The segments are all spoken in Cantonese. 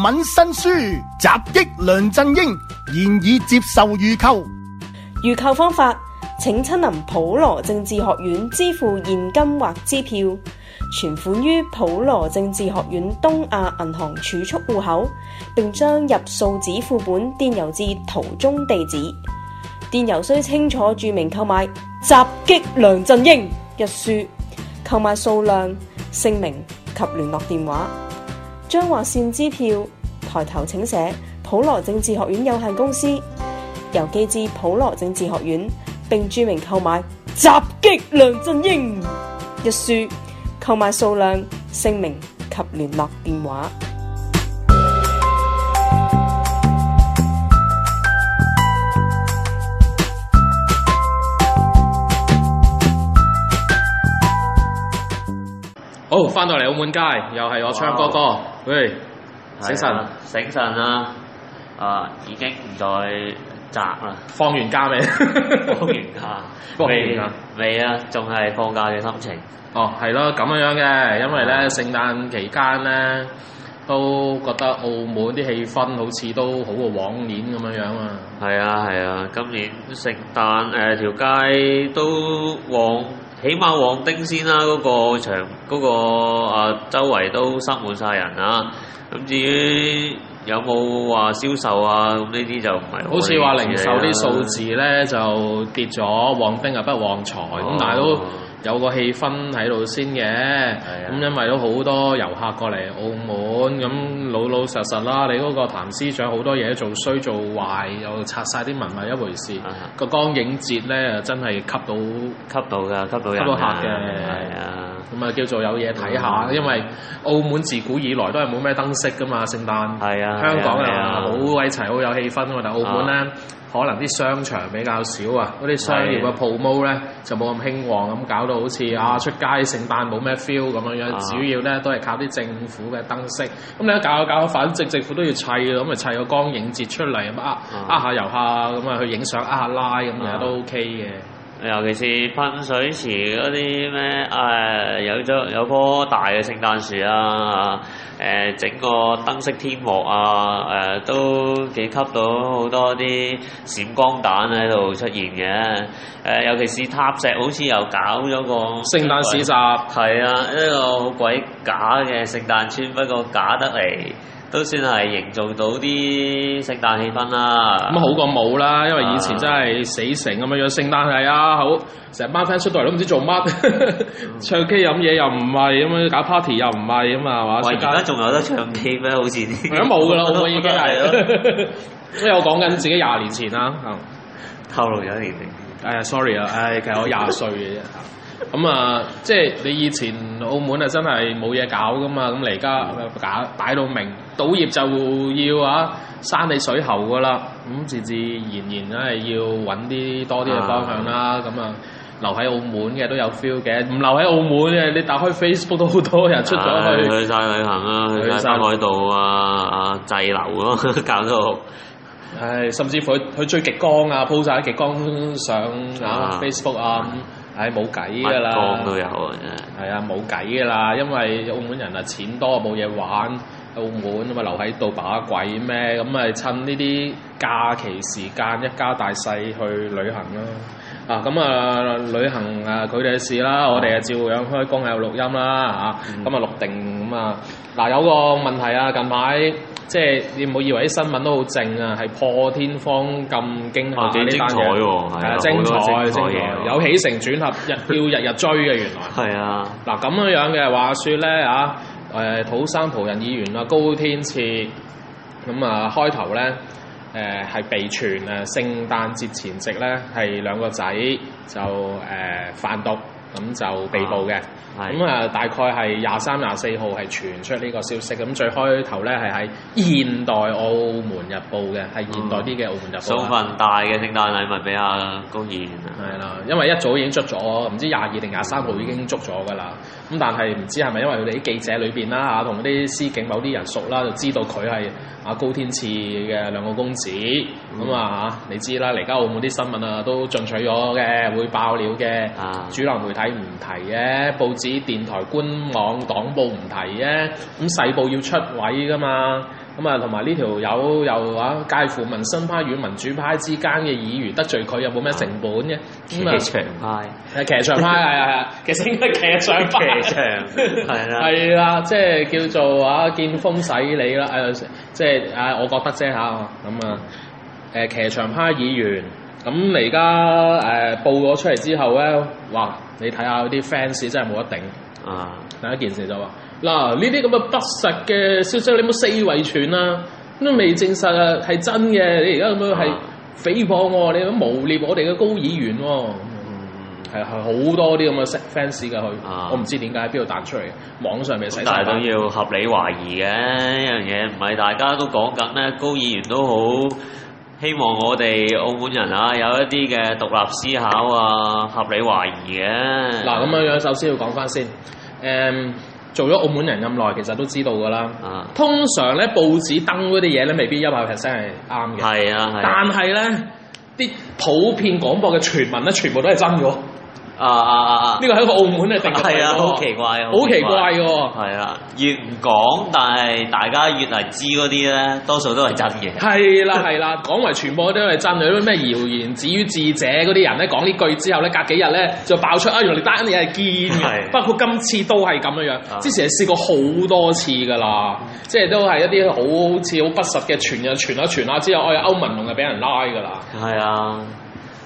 《文新書》襲擊梁振英，現已接受預購。預購方法，請親臨普羅政治學院支付現金或支票，存款於普羅政治學院東亞銀行儲蓄戶口，並將入數紙副本電郵至圖中地址。電郵需清楚註明購買《襲擊梁振英》一書，購買數量、姓名及聯絡電話。將劃線支票抬頭請寫普羅政治學院有限公司，郵寄至普羅政治學院，並注明購買《襲擊梁振英》一書，購買數量、姓名及聯絡電話。翻到嚟澳門街，又係我鏘哥哥。哇喂，啊、醒神，醒神啦、啊！啊，已經唔再宅啦。放完假未？ 放完假，未沒啊？未啊，仲係放假嘅心情。哦，係咯、啊，咁樣樣嘅，因為咧、啊、聖誕期間咧，都覺得澳門啲氣氛好似都好過往年咁樣樣啊。係啊，係啊，今年聖誕誒、呃、條街都旺……起碼旺丁先啦，嗰、那個場嗰、那個啊周圍都塞滿晒人啊！咁至於有冇話、啊、銷售啊，咁呢啲就唔係好似話零售啲數字咧、啊、就跌咗，旺丁又不旺財咁，哦、但係都，有個氣氛喺度先嘅，咁因為都好多遊客過嚟澳門，咁老老實實啦。你嗰個譚司長好多嘢做衰做壞，又拆晒啲文物一回事。個光影節咧，真係吸到吸到嘅，吸到人客嘅，咁啊叫做有嘢睇下。因為澳門自古以來都係冇咩燈飾噶嘛，聖誕。係啊，香港啊好鬼齊好有氣氛啊，但澳門咧。可能啲商場比較少啊，嗰啲商業嘅 promo 咧就冇咁興旺，咁搞到好似啊出街聖誕冇咩 feel 咁樣樣。主要咧都係靠啲政府嘅燈飾，咁你一搞一搞，反正政府都要砌，咁咪砌個光影節出嚟，咁啊啊下遊客，咁啊去影相，啊下拉咁樣都 OK 嘅。嗯嗯。尤其是噴水池嗰啲咩，誒，有咗有棵大嘅聖誕樹啊誒、呃、整個燈飾天幕啊誒、呃、都幾吸到好多啲閃光彈喺度出現嘅。誒、啊、尤其是塔石好似又搞咗個聖誕市集，係啊一個好鬼假嘅聖誕村，不過假得嚟。都算係營造到啲聖誕氣氛啦，咁、嗯、好過冇啦，因為以前真係死城咁樣樣聖誕係啊，好成班 friend 出到嚟都唔知做乜， 唱 K 飲嘢又唔係，咁樣搞 party 又唔係，咁啊嘛，而說家仲有得唱 K 咩？好似而家冇噶啦，嗯、 我已經係， 因為我講緊自己廿年前啦， 透露咗年齡，哎呀，sorry 啊，哎，其實我廿歲嘅啫。咁啊、嗯，即係你以前澳門啊，真係冇嘢搞㗎嘛，咁嚟而家架擺到明，賭業就要啊，閂你水喉㗎啦。咁、嗯、自自然然都、啊、係要揾啲多啲嘅方向啦。咁啊，嗯嗯、留喺澳門嘅都有 feel 嘅，唔留喺澳門嘅，你打開 Facebook 都好多人出咗去。去晒旅行啊，去山海度啊，啊滯留咯，搞到。係、哎，甚至乎去追極光啊 po 晒曬啲極光上啊，啊 Facebook 啊。哎誒冇計㗎啦，乜樣都、嗯、啊！係係冇計㗎啦，因為澳門人啊錢多冇嘢玩，澳門咪留喺度把鬼咩？咁咪趁呢啲假期時間，一家大細去旅行啦！啊咁啊、呃，旅行啊佢哋嘅事啦，嗯、我哋啊照樣開工有錄音啦嚇，咁啊、嗯、錄定咁、嗯、啊嗱、啊、有個問題啊，近排。即係你唔好以為啲新聞都好正啊，係破天荒咁驚嚇呢單嘅？係啊！精彩、啊、精彩精彩，有起承轉合日，要日日追嘅原來。係 是啊，嗱咁樣樣嘅話説咧啊，誒土生葡人議員啊高天賜，咁啊開頭咧誒係被傳啊聖誕節前夕咧係兩個仔就誒販毒。咁就被捕嘅，咁啊、嗯、大概係廿三、廿四號係傳出呢個消息嘅，咁最開頭咧係喺現代澳門日報嘅，係現代啲嘅澳門日報啦。送份、嗯、大嘅聖誕禮物俾阿、啊、高賢。係啦，因為一早已經捉咗，唔知廿二定廿三號已經捉咗噶啦。嗯咁但係唔知係咪因為佢哋啲記者裏邊啦嚇，同、啊、啲司警某啲人熟啦、啊，就知道佢係阿高天賜嘅兩個公子咁啊、嗯嗯、你知啦，而家澳門啲新聞啊都進取咗嘅，會爆料嘅，嗯、主流媒體唔提嘅，報紙、電台、官網、黨報唔提嘅，咁細報要出位㗎嘛。咁啊，同埋呢條友又話介乎民生派與民主派之間嘅議員得罪佢，有冇咩成本嘅？嗯、騎牆派，係騎牆派係係，其實應該騎牆派。 騎牆係啦，係啦 派， 派即係叫做話見風使舵啦，即係啊，我覺得啫嚇，咁啊，誒騎牆派議員，咁你而家誒報咗出嚟之後咧，哇！你睇下啲 fans 真係冇得頂啊，第一件事就話。嗱，呢啲咁嘅不實嘅消息，你冇四圍傳啊？都未證實啊，係真嘅？你而家咁樣係誹謗喎，你冇污蔑我哋嘅高議員喎、哦。嗯，係係好多啲咁嘅 fans 嘅佢，啊、我唔知點解喺邊度彈出嚟，網上面洗。但係都要合理懷疑嘅一樣嘢，唔係大家都講緊咧。高議員都好希望我哋澳門人啊，有一啲嘅獨立思考啊，合理懷疑嘅。嗱，咁樣樣首先要講翻先，誒、嗯。做咗澳門人咁耐，其實都知道㗎啦。啊、通常咧，報紙登嗰啲嘢咧，未必一百 percent 係啱嘅。係係啊係啊、但係呢啲係、啊、普遍廣播嘅傳聞咧，全部都係真㗎。啊啊啊啊！呢個係一個澳門定係、那個、啊，好奇怪，奇怪奇怪啊，好奇怪嘅。係啦，越唔講，但係大家越嚟知嗰啲咧，多數都係真嘅。係 啦、啊，係啦、啊，講嚟傳播都係真嘅。咩謠言止於智者嗰啲人咧，講呢句之後咧，隔幾日咧就爆出啊，原來你單嘅嘢係堅嘅。包括今次都係咁樣樣，之前試過好多次㗎啦，即係都係一啲好似好不實嘅傳，又傳下傳下之後，我哋歐文龍就俾人拉㗎啦。係啊，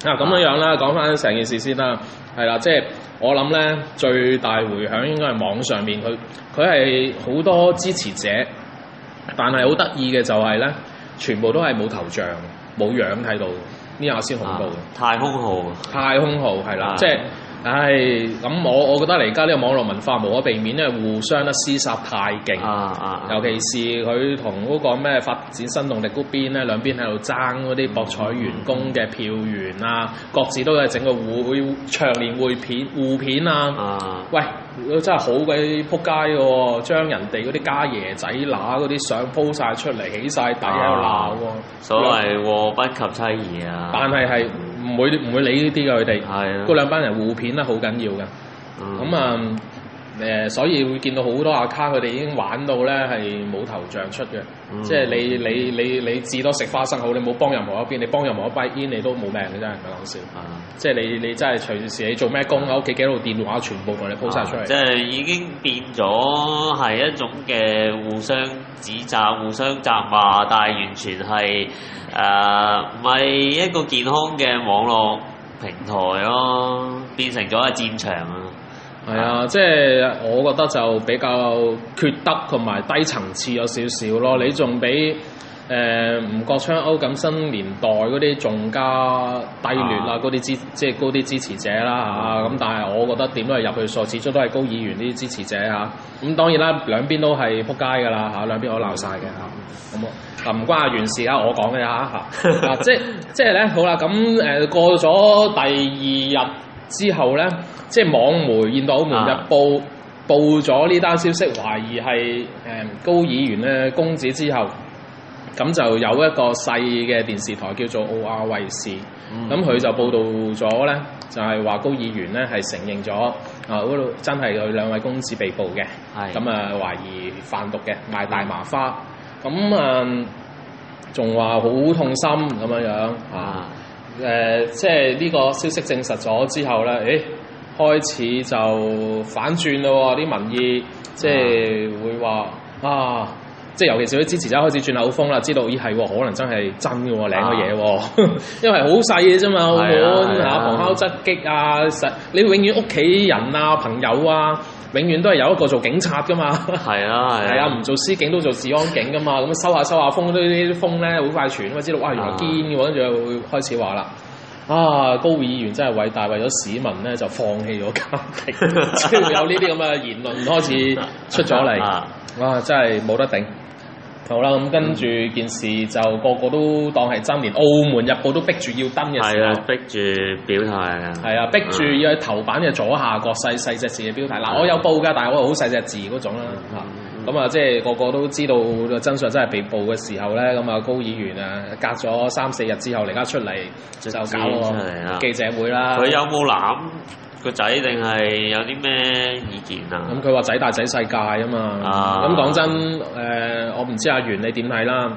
嗱咁、啊、樣樣啦，講翻成件事先啦。係啦，即係我諗咧，最大回響應該係網上面，佢佢係好多支持者，但係好得意嘅就係咧，全部都係冇頭像、冇樣睇到，呢下先恐怖嘅、啊。太空號，太空號係啦，的即係。唉，咁、哎、我我覺得嚟而家呢個網絡文化無可避免因為，互相咧廝殺太勁、啊。啊啊！尤其是佢同嗰個咩發展新動力嗰邊咧，兩邊喺度爭嗰啲博彩員工嘅票源啊、嗯嗯嗯嗯嗯嗯，各自都係整個互長年互片互片，啊，啊，片啊。啊！喂，真係好鬼撲街嘅喎，將人哋嗰啲家爺仔乸嗰啲相鋪晒出嚟，起晒底喺度鬧喎。所謂禍不及妻兒啊！以但係係。唔會唔會理呢啲嘅？佢哋係啊，嗰兩班人互片啦，好緊要㗎。嗯，咁啊～誒，所以會見到好多阿卡，佢哋已經玩到咧係冇頭像出嘅。嗯、即係你你你你至多食花生好，你冇幫任何一邊，你幫任何一邊，你都冇命嘅啫，唔係講笑。嗯、即係你你真係隨時你做咩工，喺屋企幾多部電話，全部同你鋪晒出嚟、嗯。即係已經變咗係一種嘅互相指責、互相責罵，但係完全係誒，唔、呃、唔係一個健康嘅網絡平台咯，變成咗個戰場啊！係啊，即係我覺得就比較缺德同埋低層次有少少咯。你仲比誒吳國昌區錦新年代嗰啲仲加低劣啦，嗰啲支即係啲支持者啦嚇。咁、嗯啊、但係我覺得點都係入去數，始終都係高議員啲支持者嚇。咁、啊嗯、當然啦，兩邊都係撲街㗎啦嚇，兩邊都鬧晒嘅嚇。咁啊唔關阿袁事啊，好好事我講嘅嚇嚇，即係即係咧好啦，咁、嗯、誒過咗第二日。之後咧，即係網媒《現代澳門日報》啊、報咗呢單消息，懷疑係誒高議員咧公子之後，咁就有一個細嘅電視台叫做澳亞衛視，咁佢、嗯、就報道咗咧，就係話高議員咧係承認咗啊度真係有兩位公子被捕嘅，咁啊是、嗯、懷疑販毒嘅賣大麻花，咁啊仲話好痛心咁樣樣、嗯、啊！誒、呃，即係呢個消息證實咗之後咧，誒開始就反轉咯，啲民意即係會話啊，即係尤其是佢支持者開始轉口風啦，知道咦係可能真係真嘅領個嘢，個啊、 因為好細嘅啫嘛，好唔好啊？旁敲側擊啊，實你永遠屋企人啊，朋友啊。永遠都係有一個做警察噶嘛，係啊，係啊，唔做司警都做治安警噶嘛，咁收下收下風，呢啲風咧好快傳，咁啊知道哇原來堅嘅，跟住會開始話啦，啊高議員真係偉大，為咗市民咧就放棄咗家庭，即係會有呢啲咁嘅言論開始出咗嚟，哇、 啊啊、真係冇得頂。好啦，咁跟住、嗯、件事就個個都當係真，連澳門日報都逼住要登嘅時候，逼住表態啊，係啊、嗯，逼住要喺頭版嘅左下角細細隻字嘅表態。嗱，嗯、我有報㗎，但係我好細隻字嗰種啦嚇。嗯嗯。咁啊、嗯，即係個個都知道個真相，真係被捕嘅時候咧，咁、嗯、啊高議員啊，隔咗三四日之後，而家出嚟接就搞記者會啦。佢、啊、有冇攬？個仔定係有啲咩意見啊？咁佢話仔大仔世界啊嘛。咁、啊嗯、講真，誒、呃、我唔知阿源你點睇啦。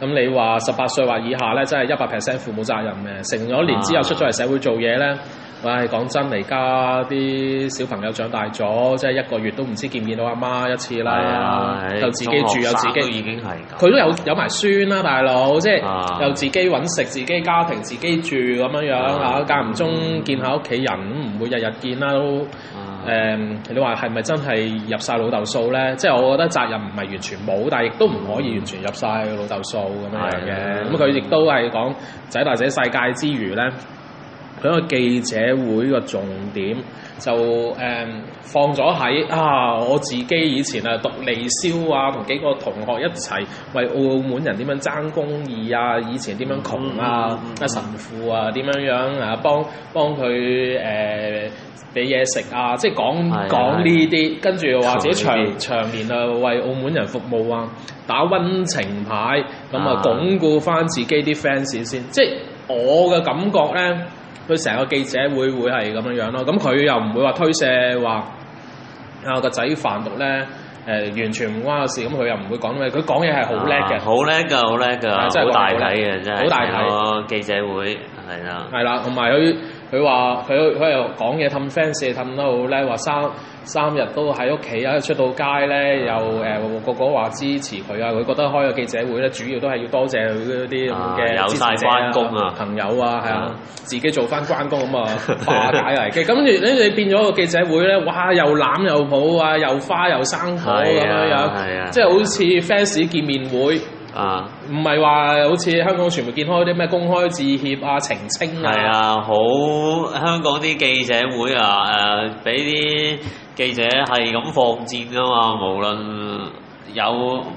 咁、嗯、你話十八歲或以下咧，真係一百 percent 父母責任嘅。成咗年之後出咗嚟社會做嘢咧。啊啊喂，講真，而家啲小朋友長大咗，即係一個月都唔知見唔見到阿媽一次啦。就自己住，又自己，已經係佢都有有埋孫啦，大佬，即係又自己揾食，自己家庭，自己住咁樣樣嚇，間唔中見下屋企人，唔會日日見啦。誒，你話係咪真係入晒老豆數咧？即係我覺得責任唔係完全冇，但係亦都唔可以完全入晒老豆數咁樣嘅。咁佢亦都係講仔大仔世界之餘咧。佢個記者會個重點就誒、嗯、放咗喺啊，我自己以前啊讀唸書啊，同幾個同學一齊為澳門人點樣爭公義啊，以前點樣窮啊，阿、嗯嗯嗯嗯嗯、神父啊點樣樣啊，幫幫佢誒俾嘢食啊，即係講講呢啲，對對對，跟住又或者長對對對，長年啊為澳門人服務啊，打溫情牌，咁啊鞏固翻自己啲 fans 先。對對對，即係我嘅感覺咧。佢成個記者會會係咁樣樣咯，咁佢又唔會話推卸話我個仔販毒咧，誒、呃、完全唔關我事，咁佢又唔會講咩？佢講嘢係好叻嘅，好叻㗎，好叻㗎，真係好大體嘅，好大體，記者會係啦，係啦，同埋佢。佢話：佢佢又講嘢氹 fans，氹好叻。話三三日都喺屋企啊，出到街咧又誒個個話支持佢啊！佢覺得開個記者會咧，主要都係要多謝佢嗰啲咁嘅支持者啊、朋友啊，係啊，自己做翻關公啊，化解嚟嘅。咁你你變咗個記者會咧，哇！又攬又抱啊，又花又生火咁樣樣，係啊，即係好似 fans 見面會。啊！唔係話好似香港傳媒見開啲咩公開致歉啊、澄清啊，係啊，好香港啲記者會啊，誒、呃，俾啲記者係咁放箭㗎嘛，無論。有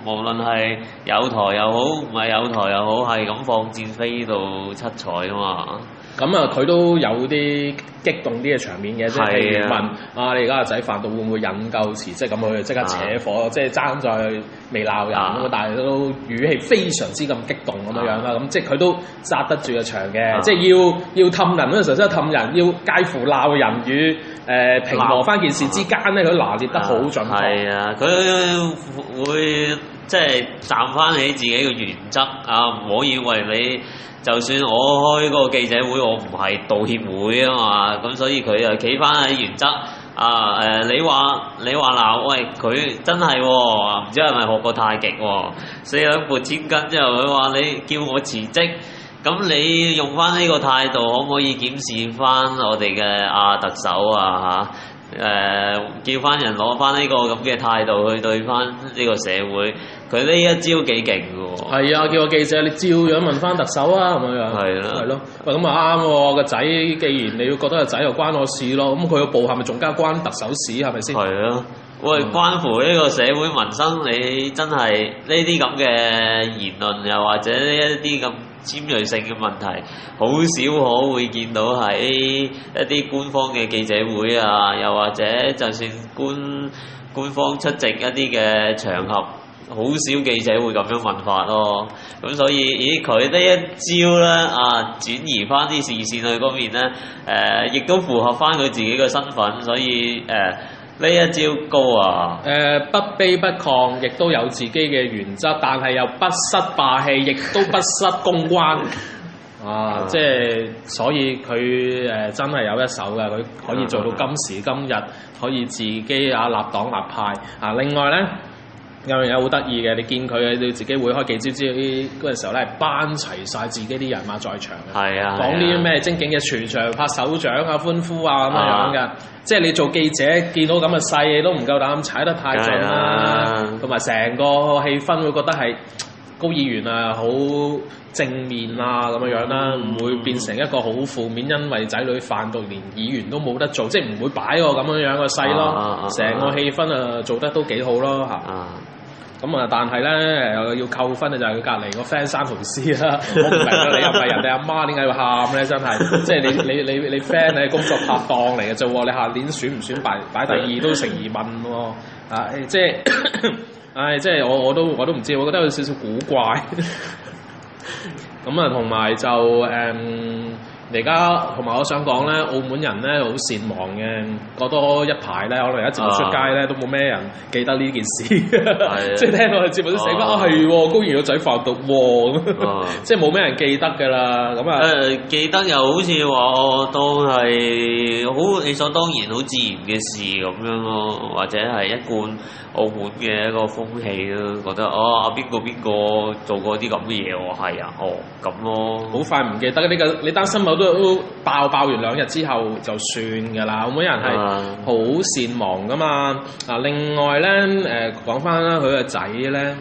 無論係有台又好，唔係有台又好，係咁放箭飛到七彩啊嘛！咁啊，佢都有啲激動啲嘅場面嘅，即係問啊，你而家個仔犯到會唔會引咎辭職？咁佢即刻扯火，即係爭在未鬧人，但係都語氣非常之咁激動咁樣啦。咁即係佢都揸得住個場嘅，即係要要氹人嗰陣時真係氹人，要介乎鬧人與誒平和翻件事之間咧，佢拿捏得好準確。啊，佢。會即係站翻起自己嘅原則啊！唔好以為你，就算我開個記者會，我唔係道歉會啊嘛。咁所以佢又企翻喺原則啊！誒、呃，你話你話嗱，喂，佢真係喎、哦，唔知係咪學過太極喎、哦，四兩撥千斤之後，佢話你叫我辭職，咁你用翻呢個態度，可唔可以檢視翻我哋嘅啊特首啊嚇？啊誒、呃，叫翻人攞翻呢個咁嘅態度去對翻呢個社會，佢呢一招幾勁嘅喎。係啊，叫個記者你照樣問翻特首啊，咁樣係啊，係咯。喂，咁啊啱喎，個仔既然你要覺得個仔又關我事咯，咁佢個暴行咪仲加關特首事係咪先？係啊！喂，關乎呢個社會民生，你真係呢啲咁嘅言論，又或者呢一啲咁。尖銳性嘅問題，好少可會見到係一啲官方嘅記者會啊，又或者就算官官方出席一啲嘅場合，好少記者會咁樣問法咯。咁所以，咦，佢呢一招咧，啊轉移翻啲視線去嗰邊咧，誒、呃，亦都符合翻佢自己嘅身份，所以誒。呃呢一招高啊！誒、呃、不卑不亢，亦都有自己嘅原則，但係又不失霸氣，亦都不失公關。 啊，啊即係所以佢誒、呃、真係有一手嘅，佢可以做到今時今日，嗯、可以自己啊立黨立派啊。另外呢。有樣嘢好得意嘅，你見佢你自己會開記招招。啲嗰陣時候咧，班齊晒自己啲人馬在場嘅，啊啊、講啲咩精警嘅，全場拍手掌啊、歡呼啊咁樣嘅。Yeah. 即係你做記者見到咁嘅勢，都唔夠膽踩得太盡啦、啊。同埋成個氣氛會覺得係高議員啊，好正面啊咁樣樣啦，唔、mm hmm. 會變成一個好負面，因為仔女販毒連議員都冇得做，即係唔會擺個咁樣樣嘅勢咯。成、yeah. Yeah . yeah. 個氣氛啊，做得都幾好咯嚇。咁啊、嗯！但係咧，又要扣分嘅就係佢隔離個 friend 生紅絲啦，我唔明咯！你又唔係人哋阿媽，點解 要喊咧？真係，即係你你你你 friend，你係工作拍檔嚟嘅啫喎！你下年選唔選擺擺第二都成疑問喎、哦！啊、哎，即係，唉、哎，即係我我都我都唔知我覺得有少少古怪。咁 啊、嗯，同埋就誒。嗯而家同埋我想講咧，澳門人咧好善忘嘅，過多一排咧，可能而家節目出街咧，都冇咩人記得呢件事。即係、啊、 聽到我哋節目都醒翻，哦係、啊，啊啊、公然個仔販毒，咁、啊、即係冇咩人記得噶啦。咁啊，記得又好似話，都係好理所當然、好自然嘅事咁樣咯，或者係一貫澳門嘅一個風氣咯。覺得、啊、哦，阿邊個邊個做過啲咁嘅嘢喎？係啊，哦咁咯，好快唔記得呢個，你擔心某。爆爆完兩日之後就算噶啦，每人係好善忘噶嘛。嗱，另外咧，誒講翻啦，佢個仔咧，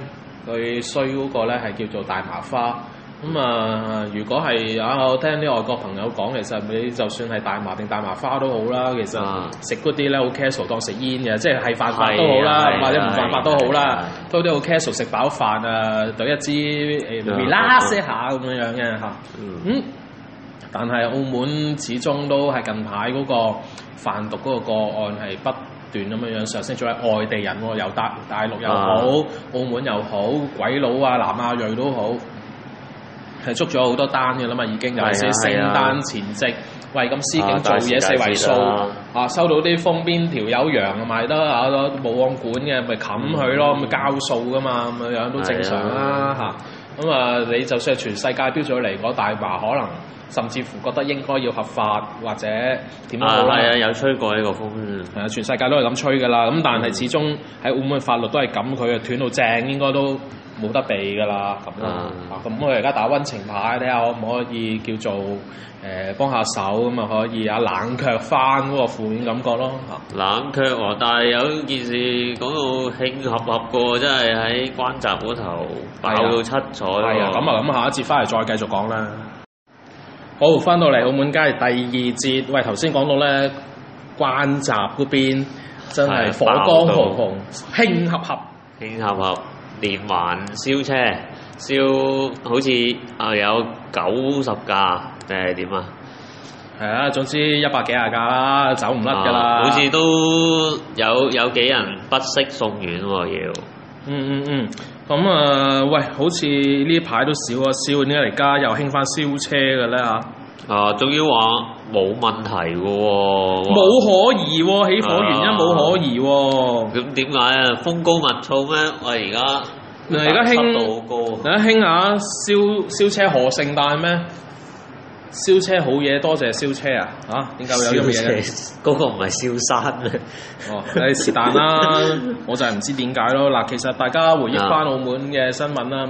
佢衰嗰個咧係叫做大麻花。咁、嗯、啊，如果係啊，我聽啲外國朋友講，其實你就算係大麻定大麻花都好啦，其實食嗰啲咧好 casual，當食煙嘅，即係係犯法都好啦，或者唔犯法都好啦，都啲好 casual 食飽飯啊，對一支誒咪啦些下咁樣樣嘅嚇，嗯。嗯但係澳門始終都係近排嗰個販毒嗰個個案係不斷咁樣樣上升，甚至仲係外地人、哦，由大大陸又好，啊、澳門又好，鬼佬啊、南亞裔都好，係捉咗好多單嘅啦嘛。已經有啲聖誕前夕，啊啊、喂咁司警做嘢四圍掃啊，收到啲封邊條友羊得啊，賣得啊冇按管嘅，咪冚佢咯，咪、嗯、交數噶嘛，咁樣都正常啦嚇。是啊。咁啊、嗯，你就算係全世界標準嚟講，我大華可能甚至乎覺得應該要合法或者點都好啦。啊，能啊有吹過呢個風，係、嗯、啊，全世界都係咁吹噶啦。咁但係始終喺澳門法律都係咁，佢斷到正應該都。冇得避噶啦，咁咯，咁我而家打溫情牌，睇下可唔可以叫做誒、呃、幫下手，咁啊可以啊冷卻翻嗰個負面感覺咯嚇。冷卻喎、啊，但係有件事講到慶合合過，真係喺關閘嗰頭、啊、爆到七彩、那個、啊，咁啊，咁下一節翻嚟再繼續講啦。好，翻到嚟澳門街第二節，喂，頭先講到咧關閘嗰邊真係火光紅紅，慶合合，慶合合。連環燒車，燒好似啊有九十架定係點啊？係啊，總之一百幾廿架啦，走唔甩㗎啦。好似都有有幾人不適送院喎、啊，要。嗯嗯嗯，咁、嗯、啊、嗯嗯嗯嗯呃、喂，好似呢排都少啊燒，點解而家又興翻燒車㗎咧嚇？啊！仲要話冇問題嘅喎，冇可疑喎，起火原因冇可疑喎。咁點解啊、嗯？風高物燥咩？我而家嗱，而家興度好高，而家興下燒燒車賀聖誕咩？燒車好嘢，多謝燒車啊！吓、啊，點解會有呢嘢？嗰、那個唔係燒山咩、啊？哦，你是但啦， 我就係唔知點解咯。嗱，其實大家回憶翻澳門嘅新聞啦，啊、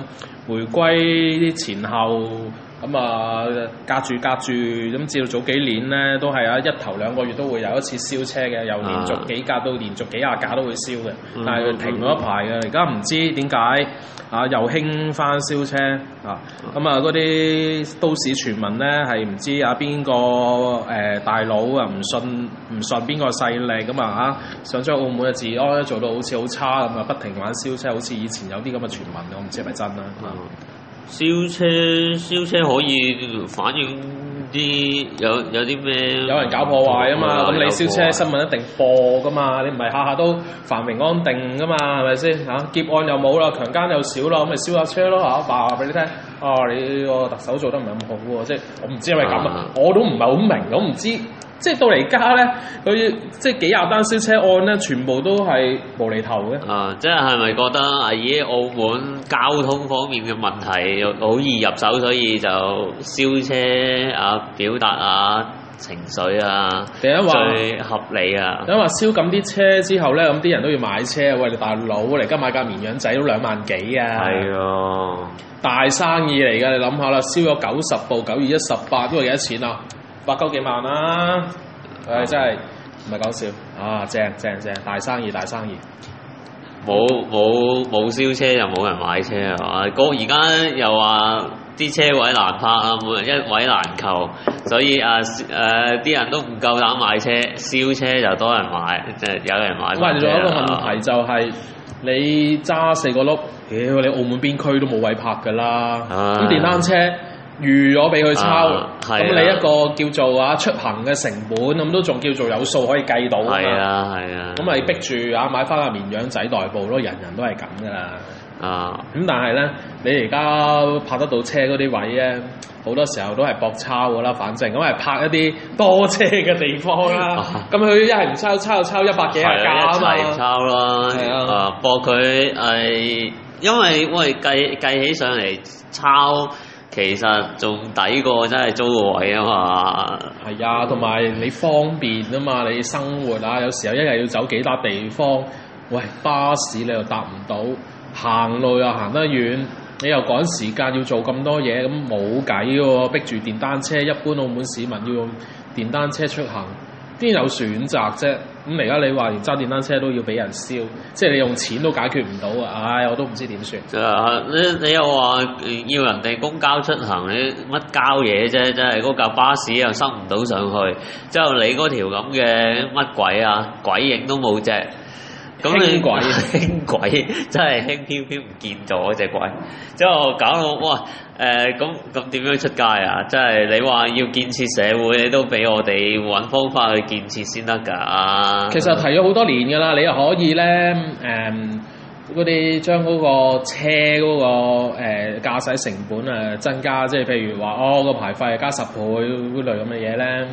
回歸前後。咁啊、嗯，隔住隔住，咁至到早幾年咧，都係啊，一頭兩個月都會有一次燒車嘅，又連續幾架到連續幾廿架都會燒嘅，嗯、但係停咗一排嘅。而家唔知點解啊，又興翻燒車啊，咁、嗯、啊，嗰啲、嗯嗯、都市傳聞咧係唔知啊邊個誒、呃、大佬啊唔信唔信邊個勢力咁啊嚇，想將澳門嘅治安做到好似好差咁啊，不停玩燒車，好似以前有啲咁嘅傳聞，我唔知係咪真啦。燒車燒車可以反映啲有有啲咩？有人搞破壞啊嘛！咁、嗯、你燒車新聞一定播噶嘛？你唔係下下都繁榮安定噶嘛？係咪先嚇？劫案又冇啦，強姦又少啦，咁咪燒下車咯嚇！阿爸話、啊、俾你聽，哦、啊，你個特首做得唔係咁好喎，即係我唔知係咪咁啊！我都唔係好明，我唔知。即係到嚟家咧，佢即係幾廿單燒車案咧，全部都係無厘頭嘅。啊，即係係咪覺得而家澳門交通方面嘅問題好易入手，所以就燒車啊，表達啊，情緒啊，第一話最合理啊。因為燒咁啲車之後咧，咁啲人都要買車。喂，你大佬嚟家買架綿羊仔都兩萬幾啊！係啊的，大生意嚟嘅，你諗下啦，燒咗九十部九二一十八，都係幾多錢啊？百九幾萬啦，啊，誒、哎、真係唔係搞笑，啊，正正正，大生意大生意，冇冇冇燒車就冇人買車係嘛？嗰而家又話啲車位難拍啊，冇人一位難求，所以啊誒，啲、啊、人都唔夠膽買車，燒車就多人買，即係有人買，買。唔係，哎，仲有一個問題就係、是、你揸四個轆，屌、哎、你澳門邊區都冇位泊噶啦，咁、哎、電單車。預咗俾佢抄，啊，咁你一個叫做吓出行嘅成本，咁都仲叫做有數可以計到。係啊，係啊。咁咪逼住吓買翻個綿羊仔代步咯，人人都係咁噶啦。啊，咁但係咧，你而家拍得到車嗰啲位咧，好多時候都係搏抄噶啦，反正咁係拍一啲多車嘅地方啦。咁佢一係唔抄，抄抄一百幾廿㗎啦。唔抄啦，啊！不過佢係因為我哋計計起上嚟抄。其實仲抵過真係租個位啊嘛！係啊，同埋你方便啊嘛，你生活啊，有時候一日要走幾笪地方，喂，巴士你又搭唔到，行路又行得遠，你又趕時間要做咁多嘢，咁冇計喎，逼住電單車。一般澳門市民要用電單車出行。邊有選擇啫？咁而家你話連揸電單車都要俾人燒，即係你用錢都解決唔到啊！唉，我都唔知點算。啊，你你又話要人哋公交出行，你乜交嘢啫？真係嗰架巴士又塞唔到上去，之後你嗰條咁嘅乜鬼啊？鬼影都冇隻。輕鬼，輕軌，真係輕飄飄唔見咗隻鬼，之 後搞到哇！誒、呃，咁咁點樣出街啊？真係你話要建設社會，你都俾我哋搵方法去建設先得噶。其實提咗好多年噶啦，你又可以咧，誒、嗯，嗰啲將嗰個車嗰、嗰個誒駕駛成本誒增加，即係譬如話哦、那個牌費加十倍嗰類咁嘅嘢咧，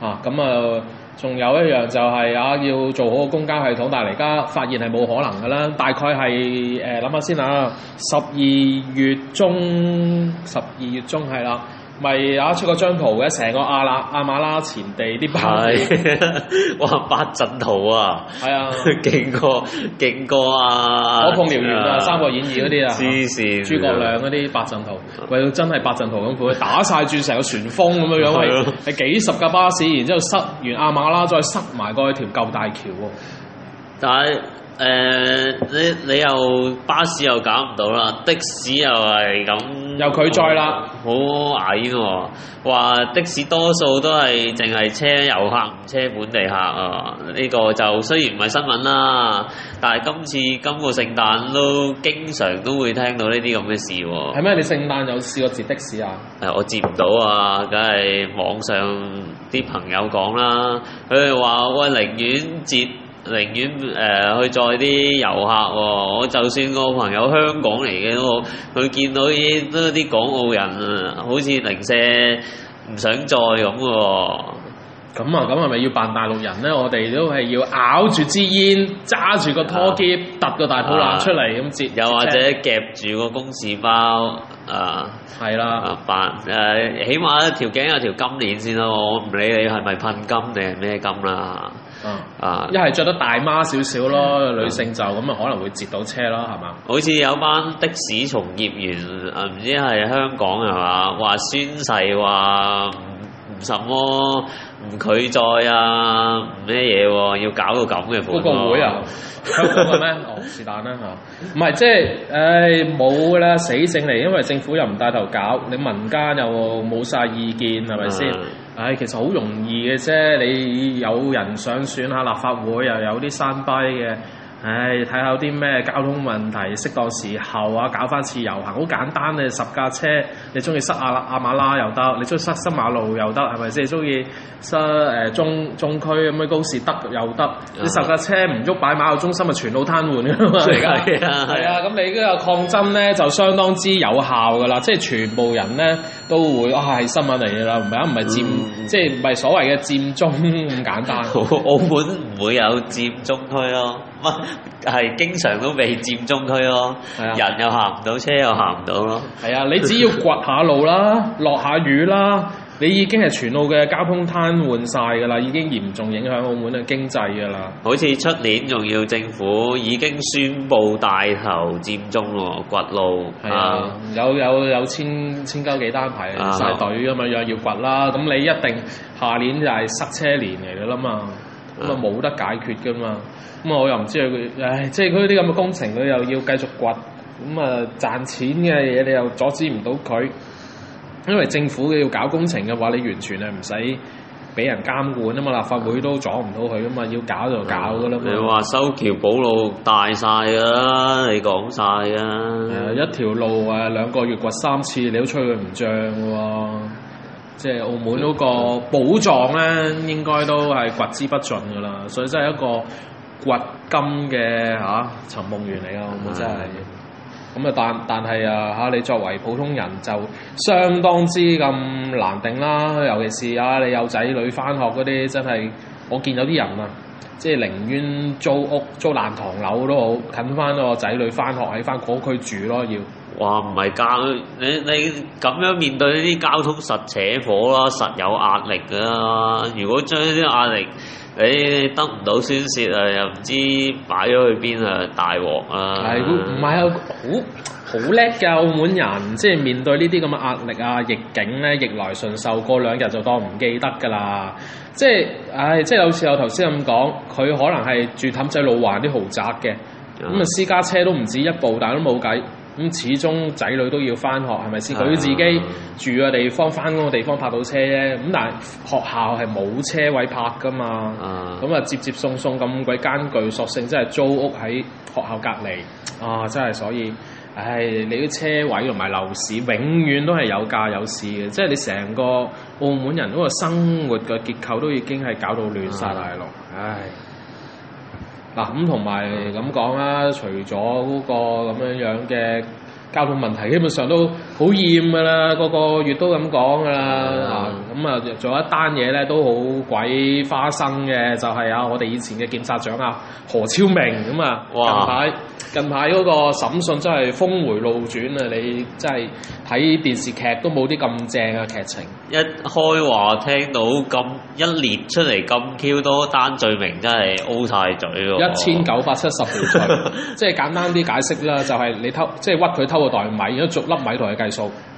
啊咁啊。嗯呃仲有一樣就係啊，要做好個公交系統，但係而家發現係冇可能㗎啦。大概係誒諗下先啦，十二月中，十二月中係啦。咪啊！出個張圖嘅，成個阿拉阿馬拉前地啲牌、啊，哇！八陣圖啊！係啊！勁過勁過啊！火鳳燎原啊，《三國演義》嗰啲啊！黐線，諸葛亮嗰啲八陣圖，為到、啊、真係八陣圖咁苦，打晒轉成個旋風咁嘅樣，係、啊、幾十架巴士，然之後塞完阿馬拉，再塞埋過去條舊大橋喎。但係誒、呃，你你又巴士又搞唔到啦，的士又係咁。由佢再啦。好、哦、矮喎、啊，話的士多數都係淨係車遊客，唔車本地客啊。呢、這個就雖然唔係新聞啦，但係今次今個聖誕都經常都會聽到呢啲咁嘅事喎、啊。係咩？你聖誕有試過截的士啊？誒、呃，我截唔到啊，梗係網上啲朋友講啦。佢哋話我寧願截。寧願誒、呃、去載啲遊客喎、哦，我就算我朋友香港嚟嘅都好，佢見到啲都啲港澳人、哦、啊，好似零舍唔想再咁喎。咁啊，咁係咪要扮大陸人咧？我哋都係要咬住支煙，揸住個拖機揼、啊、個大肚腩出嚟咁接，又或者夾住個公事包啊，係啦的、啊，扮誒、啊，起碼條頸有條金鏈先咯。我唔理你係咪噴金定係咩金啦、啊。啊！一係着得大媽少少咯，嗯、女性就咁啊，可能會截到車咯，係嘛？好似有班的士從業員，唔、啊、知係香港係嘛？話宣誓話唔唔什麼唔拒載啊，咩嘢喎？要搞到咁嘅步。嗰個會啊？香港嘅咩？哦，啊、是但啦嚇。唔係即係誒冇㗎啦，死性嚟，因為政府又唔帶頭搞，你民間又冇晒意見，係咪先？嗯。唉、哎，其實好容易嘅啫，你有人想選下立法會，又有啲山逼嘅。唉，睇下啲咩交通問題，適當時候啊，搞翻次遊行，好簡單你十架車，你中意塞阿阿馬拉又得，你中意塞新馬路又、呃、得，係咪先？中意塞誒中中區咁嘅高士德又得，你十架車唔喐擺馬路中心，咪全路癱瘓嘅嘛？係啊係啊，咁你呢個抗爭咧就相當之有效嘅啦，即係全部人咧都會，哦係新聞嚟嘅啦，唔係啊唔係佔，即係唔係所謂嘅佔中咁簡單。澳門唔會有佔中區咯。唔係，係經常都未佔中區咯，啊、人又行唔到，車又行唔到咯。係啊，你只要掘下路啦，落下，下雨啦，你已經係全澳嘅交通癱瘓晒噶啦，已經嚴重影響澳門嘅經濟噶啦。好似出年仲要政府已經宣布帶頭佔中喎，掘路啊！啊有有有千千鳩幾單排曬隊咁啊，要掘啦！咁你一定下年就係塞車年嚟噶啦嘛～咁啊冇得解決噶嘛，咁、嗯、啊我又唔知佢，唉，即係佢啲咁嘅工程，佢又要繼續掘，咁、嗯、啊賺錢嘅嘢你又阻止唔到佢，因為政府嘅要搞工程嘅話，你完全係唔使俾人監管啊嘛，立法會都阻唔到佢啊嘛，要搞就搞噶啦、嗯。你話修橋補路大曬啦，你講晒啊！誒一條路啊兩個月掘三次，你都吹佢唔漲喎。即係澳門嗰個寶藏咧，應該都係掘之不盡噶啦，所以真係一個掘金嘅嚇尋夢園嚟咯，澳門真係。咁啊，是是但但係啊嚇，你作為普通人就相當之咁難頂啦，尤其是啊，你有仔女翻學嗰啲，真係我見有啲人啊，即係寧願租屋租爛唐樓都好，近翻個仔女翻學，喺翻個區住咯要。哇！唔係交你你咁樣面對呢啲交通實扯火啦，實有壓力㗎啦。如果將呢啲壓力，你，你得唔到宣泄啊，又唔知擺咗去邊啊，大鑊、哎、啊！係唔係啊？好好叻㗎！澳門人即係面對呢啲咁嘅壓力啊逆境咧逆來順受，過兩日就當唔記得㗎啦。即係唉、哎，即係有時我頭先咁講，佢可能係住氹仔路環啲豪宅嘅，咁啊私家車都唔止一部，但係都冇計。咁始終仔女都要翻學係咪先？佢自己住嘅地方翻嗰、啊、個地方泊到車啫。咁但係學校係冇車位泊噶嘛？咁啊、嗯、接接送送咁鬼艱巨，索性真係租屋喺學校隔離。啊，真係所以，唉！你啲車位同埋樓市永遠都係有價有市嘅。即係你成個澳門人嗰個生活嘅結構都已經係搞到亂晒大龍，啊，唉！嗱，咁同埋咁講啦，除咗嗰個咁樣樣嘅交通問題，基本上都～好厭㗎啦，個個月都咁講㗎啦，咁、mm hmm. 啊仲有一單嘢咧都好鬼花生嘅，就係、是、啊我哋以前嘅檢察長啊何超明咁、嗯、啊，哇近排近排嗰個審訊真係峰迴路轉啊！你真係睇電視劇都冇啲咁正嘅劇情。一開話聽到咁一列出嚟咁 Q 多單罪名真、啊，真係 O 曬嘴喎！一千九百七十條罪， 即係簡單啲解釋啦，就係、是、你偷即係屈佢偷個袋米，如果逐粒米同佢計。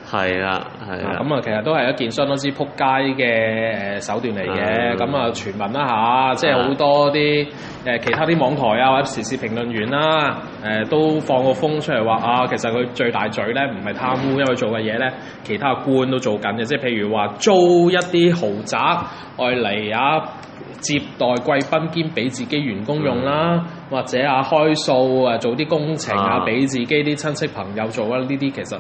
係啦，係啦。咁啊、嗯，其實都係一件相當之撲街嘅誒手段嚟嘅。咁啊的，傳聞啦吓，的即係好多啲誒其他啲網台啊或者時事評論員啦、啊，誒都放個風出嚟話啊，其實佢最大罪咧唔係貪污，因為佢做嘅嘢咧其他官都做緊嘅，即係譬如話租一啲豪宅愛嚟啊。接待貴賓兼俾自己員工用啦，嗯、或者啊開數啊做啲工程啊，俾自己啲親戚朋友做啦，呢啲其實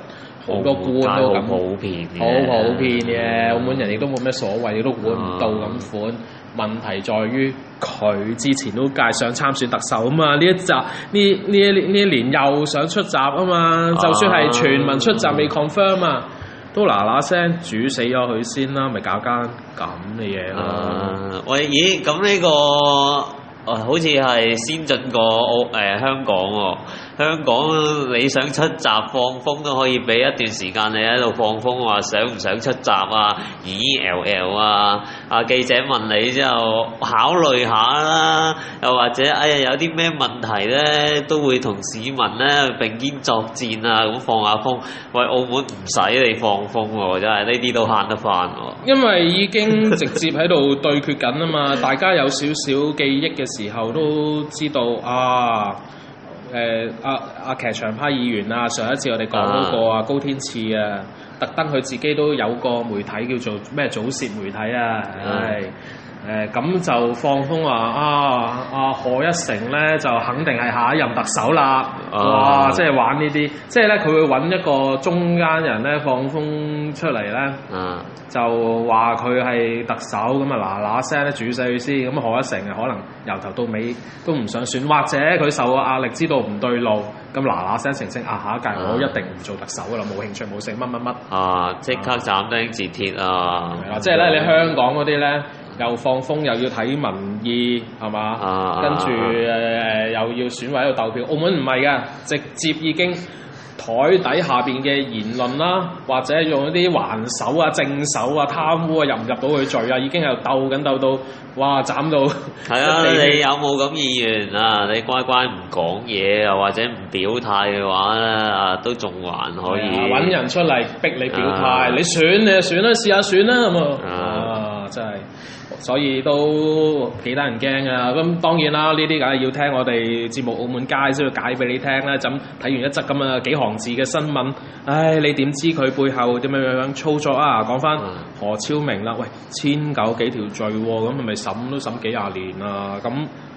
好多官都咁，好普遍好普遍嘅。澳門、嗯、人亦都冇咩所謂，亦都管唔到咁款。啊、問題在於佢之前都介上參選特首啊嘛，呢一集呢呢呢呢一年又想出閘啊嘛，啊就算係全民出閘未 confirm 啊。嗯都嗱嗱聲煮死咗佢先啦，咪搞間咁嘅嘢咯。喂，咦？咁呢、這個哦，好似係先進過澳誒、呃、香港喎、啊。香港你想出閘放風都可以俾一段時間你喺度放風、啊，話想唔想出閘啊？E L L 啊！啊記者問你之後，考慮下啦。又或者哎呀，有啲咩問題咧，都會同市民咧並肩作戰啊。咁放下風，喂澳門唔使你放風喎、啊，真係呢啲都慳得返喎、啊。因為已經直接喺度對決緊啊嘛， 大家有少少記憶嘅時候都知道啊。誒，阿阿劇場派議員啊，上一次我哋講嗰個啊，啊高天賜啊，特登佢自己都有個媒體叫做咩早泄媒體啊，唉、嗯哎。誒咁、呃、就放風話啊啊何一成咧就肯定係下一任特首啦！啊、哇，即、就、係、是、玩呢啲，即係咧佢會揾一個中間人咧放風出嚟咧，啊、就話佢係特首咁啊嗱嗱聲咧煮死佢先，咁何一成啊可能由頭到尾都唔想選，或者佢受個壓力知道唔對路，咁嗱嗱聲澄清啊下一屆我一定唔做特首噶啦，冇興趣冇食乜乜乜啊即刻斬釘截鐵啊！即係咧你香港嗰啲咧。嗯嗯嗯又放風又要睇民意係嘛？啊、跟住、呃、又要選委喺度鬥票，澳門唔係嘅，直接已經台底下邊嘅言論啦，或者用一啲還手啊、正手啊、貪污啊，入唔入到去罪啊？已經又鬥緊鬥到，哇！斬到係啊！你有冇咁意願啊？你乖乖唔講嘢，又或者唔表態嘅話咧，啊、呃、都仲還可以揾人出嚟逼你表態、啊，你選你就選啦，試下選啦，係嘛？真係，所以都幾得人驚啊！咁當然啦，呢啲梗係要聽我哋節目《澳門街》先去解俾你聽啦。咁睇完一則咁嘅幾行字嘅新聞，唉，你點知佢背後點樣樣操作啊？講翻何超明啦，喂，千九幾條罪喎、啊，咁係咪審都審幾廿年啊？咁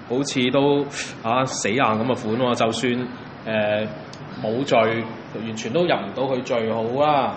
好似都嚇、啊、死硬咁嘅款喎、啊，就算誒冇、呃、罪。完全都入唔到佢罪好啊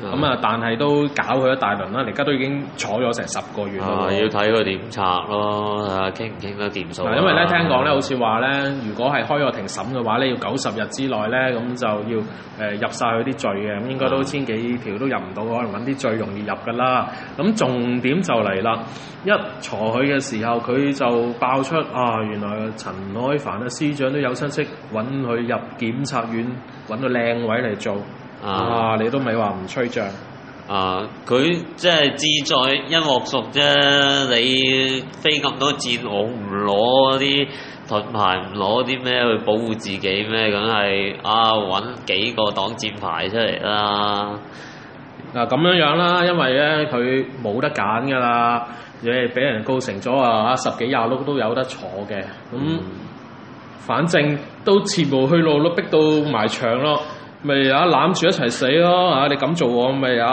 嚇！咁啊，嗯、但係都搞佢一大輪啦。而家都已經坐咗成十個月啦、啊。要睇佢點拆咯？傾唔傾得掂數，因為咧聽講咧，嗯、好似話咧，如果係開咗庭審嘅話咧，要九十日之內咧，咁就要誒、呃、入晒佢啲罪嘅。咁應該都千幾條都入唔到，可能揾啲最容易入噶啦。咁重點就嚟啦，一查佢嘅時候，佢就爆出啊，原來陳海帆啊司長都有親戚揾佢入檢察院揾個靚位嚟做啊！你都咪話唔吹脹啊！佢即係志在一鑊熟啫。你飛咁多箭，我唔攞啲盾牌，唔攞啲咩去保護自己咩？梗係啊！揾幾個擋箭牌出嚟啦。嗱咁、啊、樣樣啦，因為咧佢冇得揀噶啦，你俾人告成咗啊！十幾廿碌都有得坐嘅。咁、嗯嗯、反正都前無去路咯，逼到埋牆咯。嗯咪有攬住一齊死咯嚇！你咁做我咪有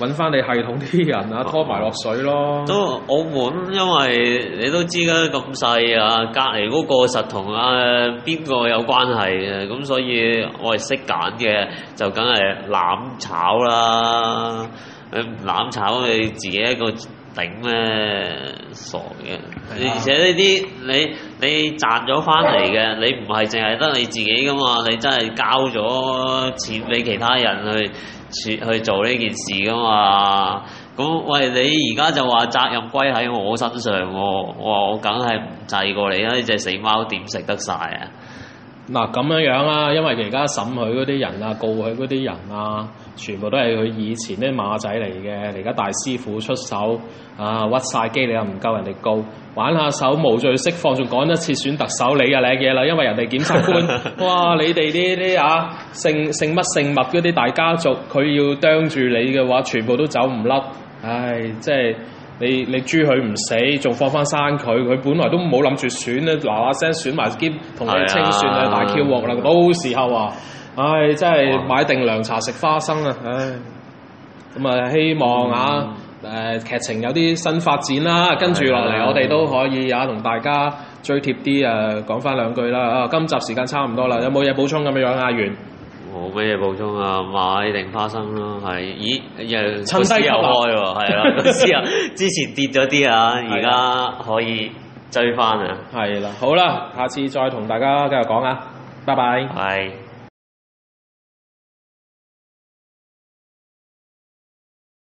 揾翻你系統啲人啊，拖埋落水咯。都澳門，因為你都知啦，咁細啊，隔離嗰個實同阿邊個有關係嘅，咁所以我係識揀嘅，就梗係攬炒啦。你攬炒你自己一個。頂咩傻嘅？而且呢啲你你賺咗翻嚟嘅，你唔係淨係得你自己噶嘛？你真係交咗錢俾其他人去去做呢件事噶嘛？咁喂，你而家就話責任歸喺我身上喎、啊，我我梗係唔濟過你啦！呢隻死貓點食得晒啊？嗱咁樣樣、啊、啦，因為而家審佢嗰啲人啊，告佢嗰啲人啊，全部都係佢以前啲馬仔嚟嘅。而家大師傅出手啊，屈晒機，你又唔夠人哋告，玩下手無罪釋放，仲趕一次選特首，你又叻嘢啦。因為人哋檢察官 哇，你哋呢啲啊姓姓乜姓物嗰啲大家族，佢要啄住你嘅話，全部都走唔甩。唉，即係。你你豬佢唔死，仲放翻生佢，佢本來都冇諗住損咧，嗱嗱聲損埋啲同佢清算嘅、啊、大 Q 鑊啦，到、啊、時候啊，唉，真係買定涼茶食花生啊，唉，咁啊希望啊，誒、嗯啊、劇情有啲新發展啦、啊，跟住落嚟我哋都可以也、啊、同大家追貼啲啊，講翻兩句啦啊，今集時間差唔多啦，有冇嘢補充咁樣樣啊？源冇咩嘢補充啊，買定花生咯，啊，係，咦又抽西又開喎，係啊，嗰時啊，之前跌咗啲啊，而家可以追翻啊，係啦，好啦，下次再同大家繼續講啊，拜拜，係。